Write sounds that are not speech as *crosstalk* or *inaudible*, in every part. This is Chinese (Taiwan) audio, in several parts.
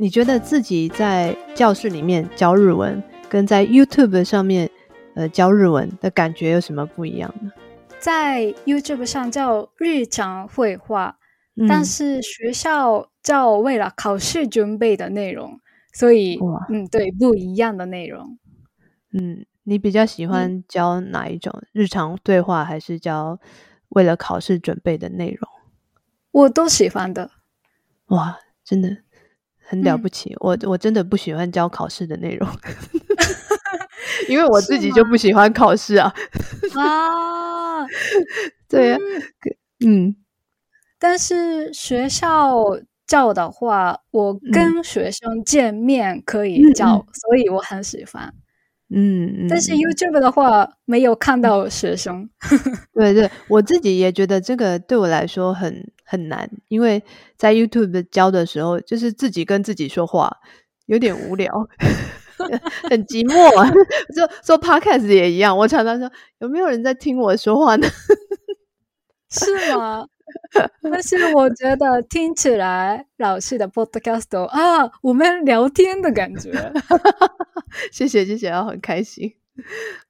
你覺得自己在教室裡面教日文，跟在 YouTube 上面，呃，教日文的感覺有什麼不一樣呢？在 YouTube 上教日常會話，嗯、但是學校教為了考試準備的內容，所以，哇嗯，對，不一樣的內容。嗯，你比較喜歡教哪一種？嗯、日常對話還是教為了考試準備的內容？我都喜歡的。哇，真的。很了不起，嗯、我我真的不喜歡教考試的內容，嗯、 *laughs* 因為我自己就不喜歡考試啊。 *laughs* 嗎 *laughs* 啊，對啊，嗯但是學校教的話，我跟學生見面可以教，嗯、所以我很喜歡。嗯，嗯但是 YouTube 的話、嗯、沒有看到學生。對對，我自己也覺得這個對我來說很很難，因為在 YouTube 教的時候，就是自己跟自己說話，有點無聊， *laughs* *laughs* 很寂寞啊。就做 *laughs* podcast 也一樣，我常常說，有沒有人在聽我說話呢？ *laughs* 是嗎？ *laughs* 但是我覺得聽起來老式的 podcast 啊，我們聊天的感覺。 *laughs* 謝謝，謝謝、啊，要很開心。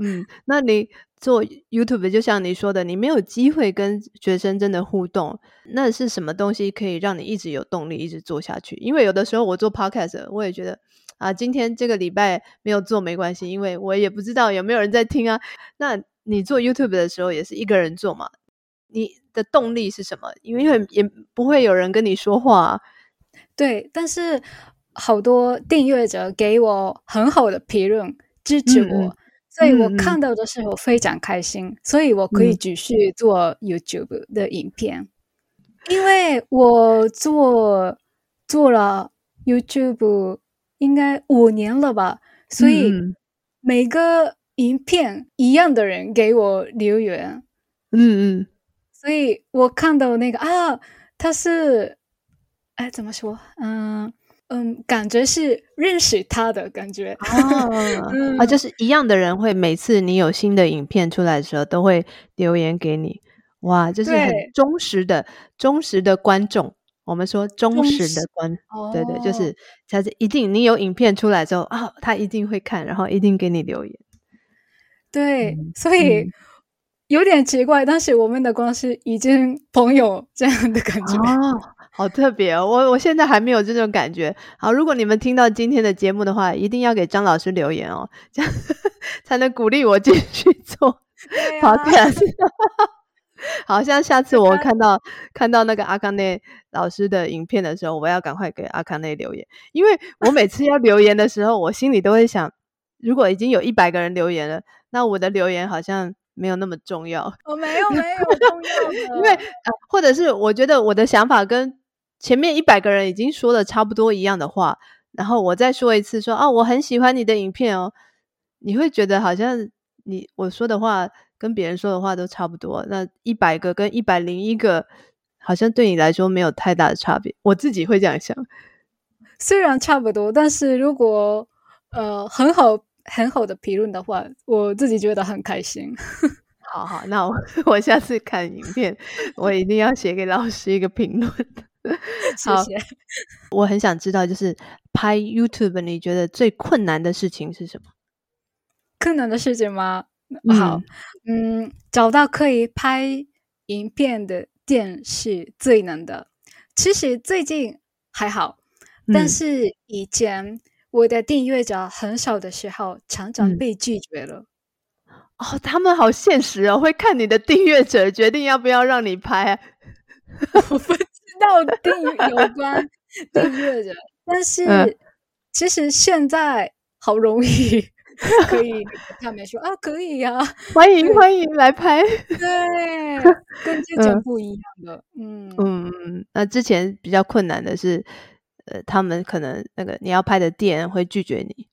嗯，那你做 YouTube 就像你說的，你沒有機會跟學生真的互動，那是什麼東西可以讓你一直有動力一直做下去？因為有的時候我做 podcast，我也覺得啊，今天這個禮拜沒有做沒關係，因為我也不知道有沒有人在聽啊。那你做 YouTube 的時候也是一個人做嘛？你的動力是什麼？因為也不會有人跟你說話、啊，對。但是好多訂閱者給我很好的評論，支持我，嗯、所以我看到的時候非常開心，嗯、所以我可以繼續做 YouTube 的影片。嗯、因為我做做了 YouTube 應該五年了吧，所以每個影片一樣的人給我留言，嗯嗯。嗯所以我看到那個啊，他是，哎，怎麼說？嗯嗯，感覺是認識他的感覺啊、嗯、啊，就是一樣的人會每次你有新的影片出來的時候都會留言給你，哇，就是很忠實的忠實的觀眾。我們說忠實的觀，對對，對哦、就是他是一定你有影片出來之後啊，他一定會看，然後一定給你留言。對，嗯、所以。有點奇怪，但是我們的關係已經朋友這樣的感覺哦、啊，好特別、哦。我我現在還沒有這種感覺。好，如果你們聽到今天的節目的話，一定要給張老師留言哦，這樣呵呵才能鼓勵我繼續做。啊、跑片 *laughs* 好，哈哈。好像下次我看到看，看到那個阿卡內老師的影片的時候，我要趕快給阿卡內留言，因為我每次要留言的時候， *laughs* 我心裡都會想，如果已經有一百個人留言了，那我的留言好像。沒有那麼重要。哦，我沒有沒有重要 *laughs* 因為，呃，或者是我覺得我的想法跟前面一百個人已經說了差不多一樣的話，然後我再說一次說，說哦，我很喜歡你的影片哦，你會覺得好像你我說的話跟別人說的話都差不多，那一百個跟一百零一個好像對你來說沒有太大的差別，我自己會這樣想。雖然差不多，但是如果，呃，很好。很好的評論的話，我自己覺得很開心。 *laughs* 好好，那我我下次看影片， *laughs* 我一定要寫給老師一個評論。謝謝。我很想知道，就是拍 YouTube，你覺得最困難的事情是什麼？困難的事情嗎？好，嗯，嗯，找到可以拍影片的店是最難的。其實最近還好，嗯、但是以前。我的訂閱者很少的時候，常常被拒絕了、嗯。哦，他們好現實哦，會看你的訂閱者決定要不要讓你拍。 *laughs* 我不知道訂有關訂閱者， *laughs* 但是、嗯、其實現在好容易可以，他們說 *laughs* 啊，可以呀、啊，歡迎以歡迎來拍。對，跟之前不一樣了。嗯嗯，嗯嗯，那之前比較困難的是。呃，他們可能那個你要拍的店會拒絕你。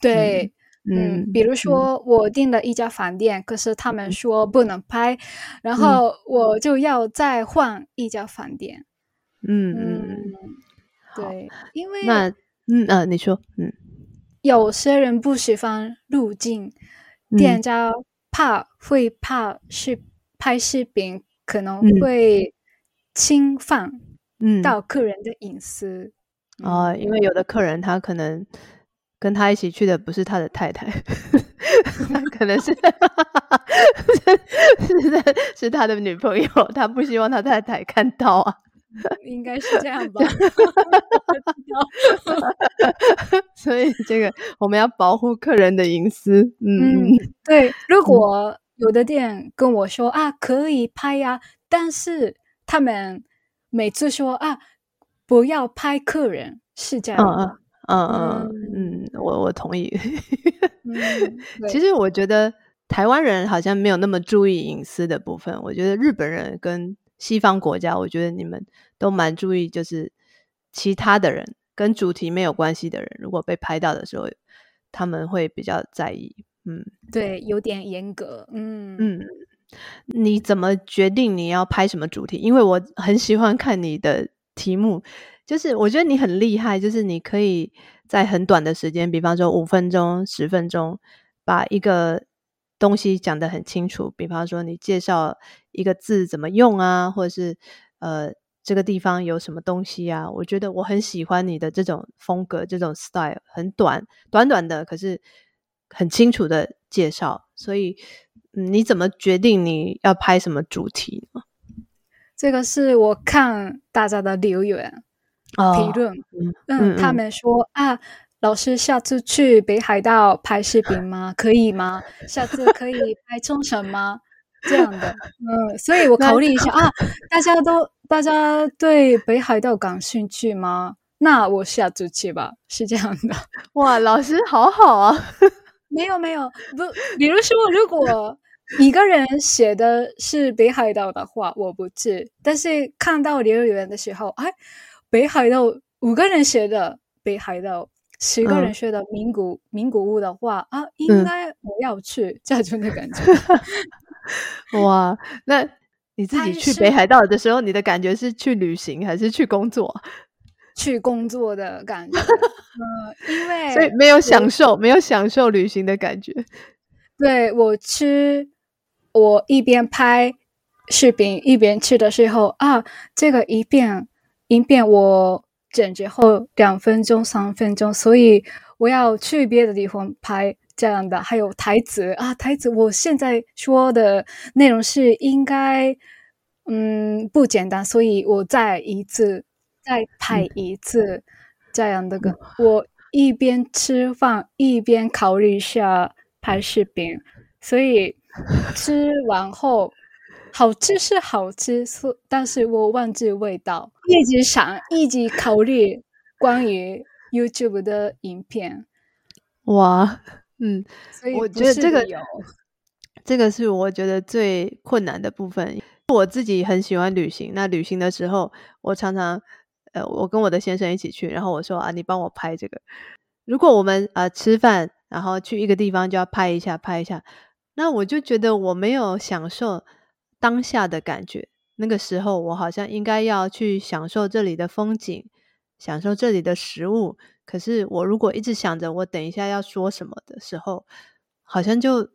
對，嗯，嗯比如說我訂了一家飯店，嗯、可是他們說不能拍，嗯、然後我就要再換一家飯店。嗯嗯，對，因為那嗯你說，嗯，有些人不喜歡路徑，店、嗯、家怕會怕是拍視頻可能會侵犯。嗯到客人的隱私啊、嗯哦，因為有的客人他可能跟他一起去的不是他的太太， *laughs* 可能是 *laughs* *laughs* 是、是、是他的女朋友，他不希望他太太看到啊，應該是這樣吧。所以這個我們要保護客人的隱私。嗯，嗯對，如果有的店跟我說啊，可以拍呀、啊，但是他們。每次說啊，不要拍客人是這樣的。嗯、啊。嗯、啊、嗯嗯嗯，我我同意。 *laughs* 嗯、其實我覺得台灣人好像沒有那麼注意隱私的部分。我覺得日本人跟西方國家，我覺得你們都蠻注意，就是其他的人跟主題沒有關係的人，如果被拍到的時候，他們會比較在意。嗯，對，有點嚴格。嗯嗯。嗯你怎麼決定你要拍什麼主題？因為我很喜歡看你的題目，就是我覺得你很厲害，就是你可以在很短的時間，比方說五分鐘、十分鐘，把一個東西講得很清楚。比方說，你介紹一個字怎麼用啊，或者是呃，這個地方有什麼東西啊？我覺得我很喜歡你的這種風格，這種 style 很短，短短的，可是很清楚的介紹，所以。你怎麼決定你要拍什麼主題呢？這個是我看大家的留言、哦、評論，嗯，嗯嗯他們說啊，老師下次去北海道拍視頻嗎？可以嗎？ *laughs* 下次可以拍沖繩嗎？這樣的。嗯，所以我考慮一下 *laughs* 啊，大家都大家對北海道感興趣嗎？那我下次去吧，是這樣的。哇，老師好好啊。 *laughs* 沒有沒有，不，比如說，如果一個人寫的是北海道的話，我不去；但是看到留言的時候，哎，北海道五個人寫的北海道，十個人寫的名古、嗯、名古屋的話，啊，應該我要去，嗯、這樣的感覺。 *laughs* 哇，那你自己去北海道的時候，是你的感覺是去旅行還是去工作？去工作的感覺，嗯、 *laughs* 呃，因為所以沒有享受，對沒有享受旅行的感覺。對，我吃，我一邊拍視頻一邊吃的時候啊，這個一遍一遍我剪輯後兩分鐘、三分鐘，所以我要去別的地方拍這樣的。還有台詞啊，台詞我現在說的內容是應該嗯不簡單，所以我再一次。再拍一次，嗯、這樣的歌。我一邊吃飯一邊考慮一下拍視頻，所以吃完後好吃是好吃，但是我忘記味道。一直想，一直考慮關於 YouTube 的影片。哇，嗯，所以我覺得這個有，這個是我覺得最困難的部分。我自己很喜歡旅行，那旅行的時候我常常。呃，我跟我的先生一起去，然後我說啊，你幫我拍這個。如果我們啊、呃、吃飯，然後去一個地方就要拍一下拍一下，那我就覺得我沒有享受當下的感覺。那個時候我好像應該要去享受這裡的風景，享受這裡的食物。可是我如果一直想着我等一下要說什麼的時候，好像就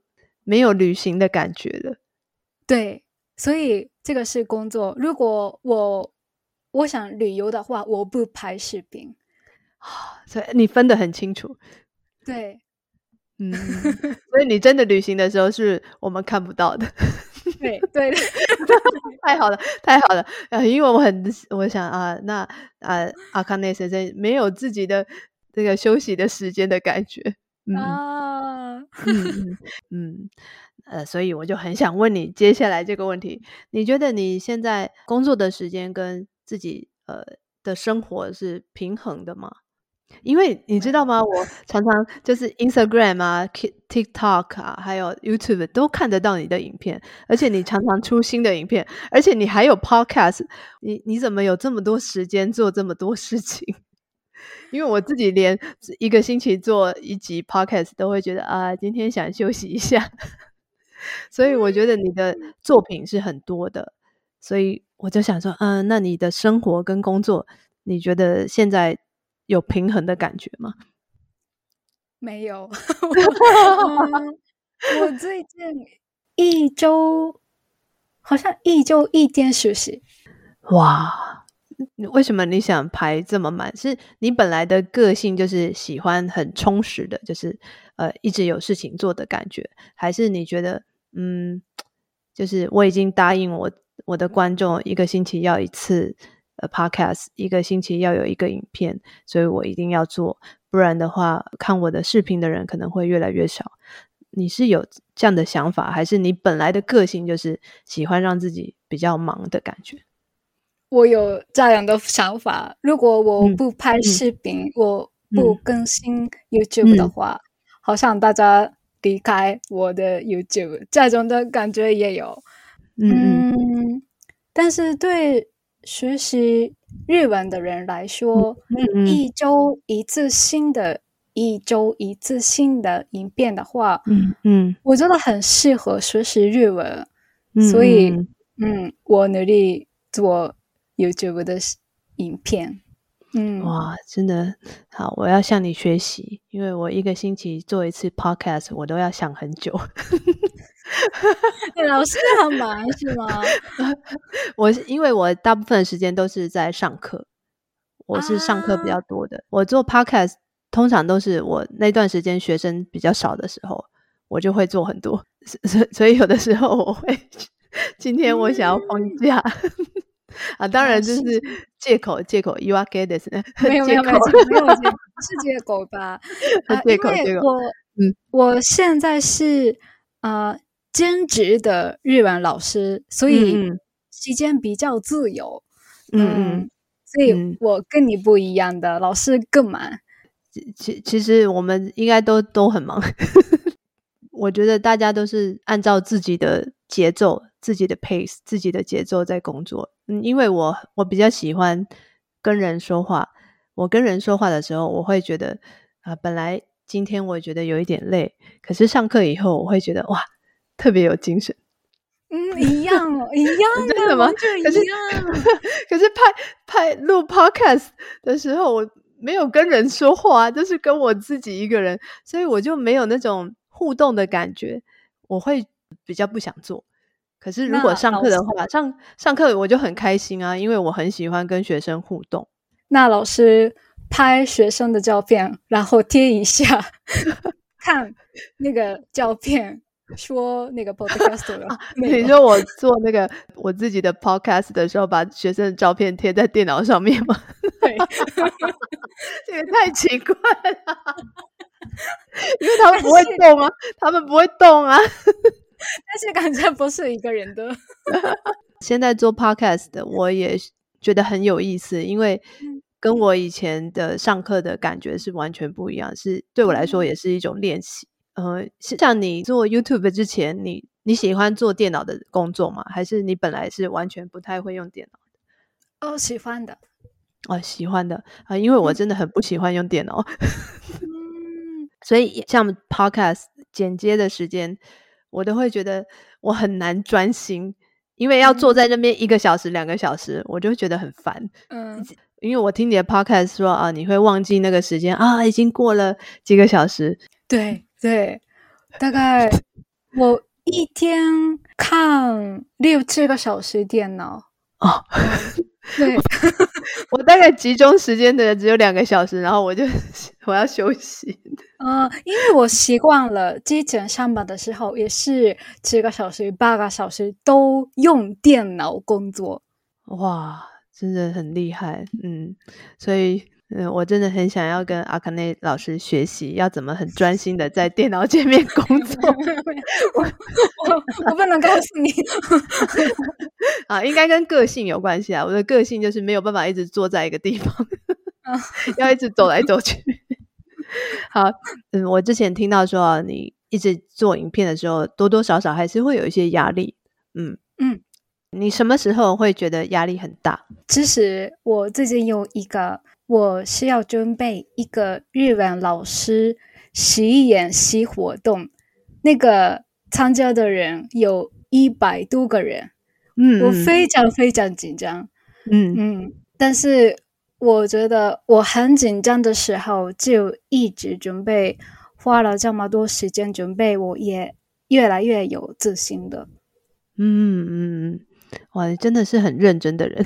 沒有旅行的感覺了。對，所以這個是工作。如果我。我想旅遊的話，我不拍視頻啊，所以你分得很清楚，對，嗯，所以你真的旅行的時候是我們看不到的，對對，對 *laughs* 太，太好了太好了。呃，因為我很我想啊、呃，那 Akane 先生沒有自己的這個休息的時間的感覺，嗯、啊、嗯嗯嗯，呃，所以我就很想問你接下來這個問題，你覺得你現在工作的時間跟自己呃、的生活是平衡的嗎？因為你知道嗎？對我常常就是 Instagram 啊、TikTok 啊，還有 YouTube 都看得到你的影片，而且你常常出新的影片，而且你還有 Podcast，你你怎麼有這麼多時間做這麼多事情？因為我自己連一個星期做一集 Podcast 都會覺得啊，今天想休息一下。所以我覺得你的作品是很多的。所以我就想說，嗯，那你的生活跟工作，你覺得現在有平衡的感覺嗎？沒有、 *laughs* 嗯，我最近一周好像一周一天休息。哇，為什麼你想排這麼滿？是你本來的個性就是喜歡很充實的，就是呃一直有事情做的感覺，還是你覺得嗯，就是我已經答應我。我的觀眾一個星期要一次呃 podcast，一個星期要有一個影片，所以我一定要做，不然的話，看我的視頻的人可能會越來越少。你是有這樣的想法，還是你本來的個性就是喜歡讓自己比較忙的感覺？我有這樣的想法。如果我不拍視頻，嗯、我不更新 YouTube 的話，嗯嗯、好像大家離開我的 YouTube，這種的感覺也有。嗯。但是對學習日文的人來說，嗯嗯、一周一次新的、一周一次新的影片的話，嗯嗯，嗯我覺得很適合學習日文，嗯、所以嗯，嗯，我努力做有 b e 的影片。嗯，哇，真的好，我要向你學習，因為我一個星期做一次 podcast，我都要想很久。 *laughs* 欸、老師、啊，這樣忙是嗎？我是因為我大部分時間都是在上課，我是上課比較多的。啊、我做 podcast 通常都是我那段時間學生比較少的時候，我就會做很多。所以有的時候我會，今天我想要放假。嗯啊，當然就是借口，借口。You are get it 沒有沒有，沒有沒有，是借口吧？借口借口。嗯，我現在是啊兼職的日文老師，所以時間比較自由。嗯，所以我跟你不一樣的老師更忙。其其實我們應該都都很忙。我覺得大家都是按照自己的節奏。自己的 pace，自己的節奏在工作。嗯，因為我我比較喜歡跟人說話。我跟人說話的時候，我會覺得啊、呃，本來今天我覺得有一點累，可是上課以後，我會覺得哇，特別有精神。嗯，一樣，一樣的， *laughs* 真的嗎？就是一樣。可是，可是拍拍錄 podcast 的時候，我沒有跟人說話，就是跟我自己一個人，所以我就沒有那種互動的感覺，我會比較不想做。可是如果上課的話，上上課我就很開心啊，因為我很喜歡跟學生互動。那老師拍學生的照片，然後貼一下， *laughs* 看那個照片，說那個 podcast 了 *laughs* 有、啊、你說我做那個我自己的 podcast 的時候，把學生的照片貼在電腦上面嗎？ *laughs* 對 *laughs* *laughs* 這個太奇怪了， *laughs* 因為他們不會動啊，是他們不會動啊。 *laughs* *laughs* 但是感覺不是一個人的。 *laughs* 現在做 podcast 的我也覺得很有意思，因為跟我以前的上課的感覺是完全不一樣，是對我來說也是一種練習。呃，像你做 YouTube 之前，你你喜歡做電腦的工作嗎？還是你本來是完全不太會用電腦的？哦，喜歡的。哦、啊，喜歡的。啊，因為我真的很不喜歡用電腦。 *laughs* 嗯，所以像 podcast 剪接的時間。我都會覺得我很難專心，因為要坐在那邊一個小時、嗯、兩個小時，我就會覺得很煩。嗯，因為我聽你的 podcast 說啊，你會忘記那個時間啊，已經過了幾個小時。對對，大概我一天看六七個小時電腦啊。哦 *laughs* 對， *laughs* 我大概集中時間的只有兩個小時，然後我就我要休息。嗯、呃，因為我習慣了，之前上班的時候也是七個小時、八個小時都用電腦工作。哇，真的很厲害，嗯，所以。嗯，我真的很想要跟阿卡內老師學習，要怎麼很專心的在電腦界面工作。 *laughs* *laughs* 我我，我不能告訴你啊， *laughs* 應該跟個性有關係啊。我的個性就是沒有辦法一直坐在一個地方， *laughs* *laughs* *laughs* 要一直走來走去。 *laughs* 好，嗯，我之前聽到說、啊、你一直做影片的時候，多多少少還是會有一些壓力。嗯嗯，你什麼時候會覺得壓力很大？其實我最近有一個。我是要準備一個日文老師，實演習活動，那個參加的人有一百多個人，嗯，我非常非常緊張，嗯嗯，但是我覺得我很緊張的時候，就一直準備，花了這麼多時間準備，我也越來越有自信的，嗯嗯，哇，你真的是很認真的人。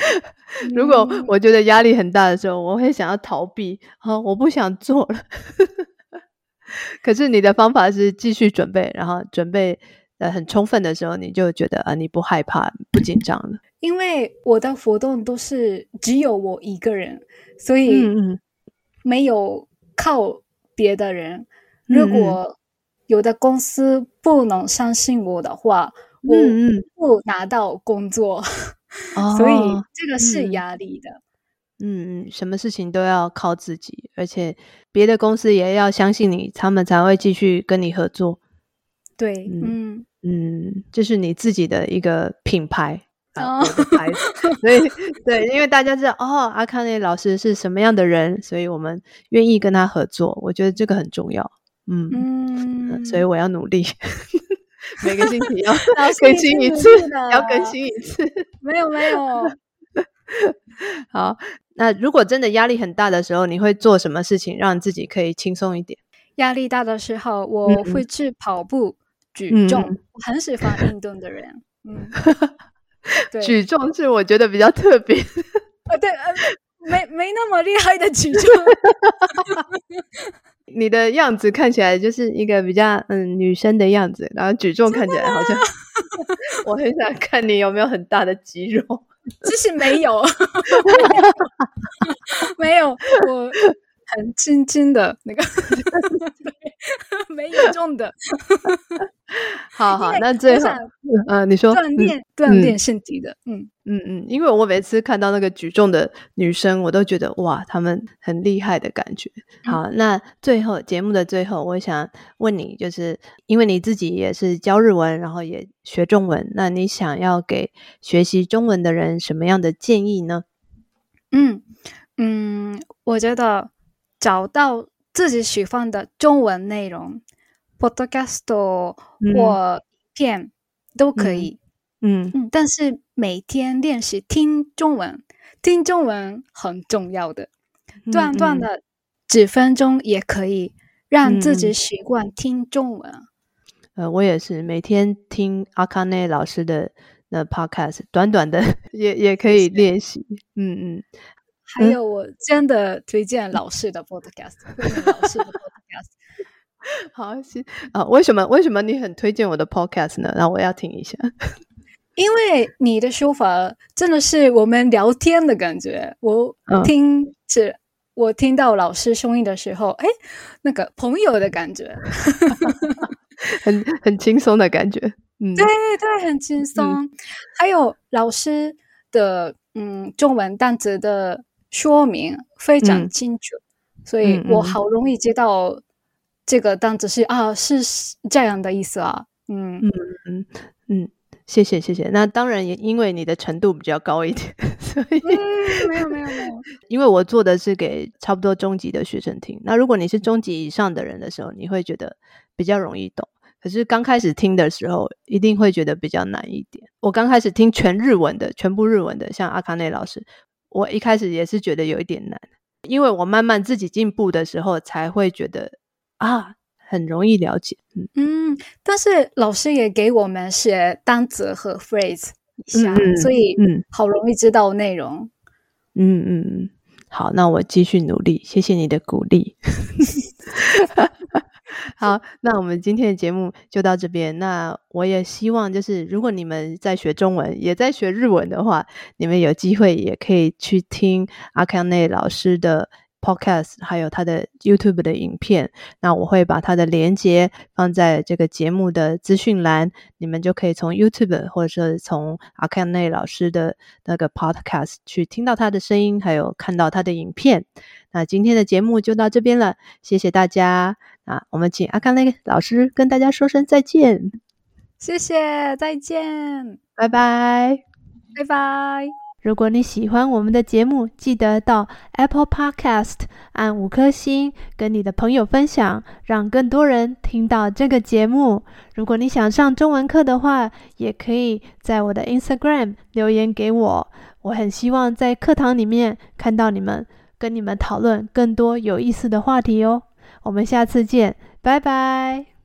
*laughs* 如果我覺得壓力很大的時候，嗯、我會想要逃避，啊，我不想做了。 *laughs* 可是你的方法是繼續準備，然後準備呃很充分的時候，你就覺得啊、呃，你不害怕、不緊張了。因為我的活動都是只有我一個人，所以沒有靠別的人。嗯、如果有的公司不能相信我的話，我嗯，我不拿到工作。 *noise* 所以、oh, 這個是壓力的。嗯，嗯，什麼事情都要靠自己，而且別的公司也要相信你，他們才會繼續跟你合作。對，嗯嗯，這、嗯嗯就是你自己的一個品牌，oh. 啊、牌所以 *laughs* 對，對，因為大家知道哦，Akane 老師是什麼樣的人，所以我們願意跟他合作。我覺得這個很重要，嗯嗯， *noise* 所以我要努力。 *laughs* 每個星期要更新一次， *laughs* 要更新一次。沒有沒有。 *laughs* *laughs* 好，那如果真的壓力很大的時候，你會做什麼事情讓自己可以輕鬆一點？壓力大的時候，我會去跑步、舉重。我、嗯、很喜歡運動的人。 *laughs* 嗯， *laughs* 對舉重是我覺得比較特別。對。 *laughs* 沒沒那麼厲害的舉重， *laughs* 你的樣子看起來就是一個比較嗯女生的樣子，然後舉重看起來好像，啊、 *laughs* 我很想看你有沒有很大的肌肉？其實沒有，沒有我。很輕輕的那個， *laughs* 沒沒嚴重的， *laughs* 好好，為那最後，想嗯，嗯你說鍛鍊鍛鍊身體的，嗯嗯嗯，因為我每次看到那個舉重的女生，我都覺得哇，她們很厲害的感覺。好，嗯、那最後，節目的最後，我想問你，就是因為你自己也是教日文，然後也學中文，那你想要給學習中文的人什麼樣的建議呢？嗯嗯，我覺得。找到自己喜歡的中文內容，podcast 或影片，嗯、都可以。嗯嗯，嗯，但是每天練習聽中文，聽中文很重要的，短短、嗯、的幾、嗯、分鐘也可以讓自己習慣聽中文。嗯嗯、呃，我也是每天聽阿卡內老師的那 podcast，短短的也也可以練習。嗯的嗯。嗯還有，我真的推薦老師的 podcast，、嗯、老師的 podcast。 *laughs* 好，行啊，為什麼？為什麼你很推薦我的 podcast 呢？那我要聽一下。因為你的說法真的是我們聊天的感覺。我聽、嗯、是，我聽到老師聲音的時候，哎，那個朋友的感覺， *laughs* *laughs* 很很輕鬆的感覺。嗯，對對對，很輕鬆。嗯、還有老師的嗯中文單詞的。說明非常清楚，嗯、所以我好容易接到這個單子是、嗯、啊，是這樣的意思啊，嗯嗯嗯嗯，謝謝謝謝。那當然也因為你的程度比較高一點，所以沒有沒有沒有。沒有沒有因為我做的是給差不多中級的學生聽，那如果你是中級以上的人的時候，你會覺得比較容易懂。可是剛開始聽的時候，一定會覺得比較難一點。我剛開始聽全日文的，全部日文的，像阿卡內老師。我一開始也是覺得有一點難，因為我慢慢自己進步的時候，才會覺得啊，很容易了解。嗯嗯，但是老師也給我們寫單詞和 phrase，一下，所以嗯，好容易知道內容。嗯嗯嗯，好，那我繼續努力，謝謝你的鼓勵。 *laughs* *laughs* *laughs* 好，那我們今天的節目就到這邊。那我也希望，就是如果你們在學中文，也在學日文的話，你們有機會也可以去聽 Akane 老師的 podcast，還有他的 YouTube 的影片。那我會把他的連接放在這個節目的資訊欄，你們就可以從 YouTube 或者是從 Akane 老師的那個 podcast 去聽到他的聲音，還有看到他的影片。那今天的節目就到這邊了，謝謝大家。啊，我們請 AKANE 老師跟大家說聲再見，謝謝，再見，拜拜 bye，拜拜 bye。如果你喜歡我們的節目，記得到 Apple Podcast 按五顆星，跟你的朋友分享，讓更多人聽到這個節目。如果你想上中文課的話，也可以在我的 Instagram 留言給我，我很希望在課堂裡面看到你們，跟你們討論更多有意思的話題哦。我們下次見，拜拜。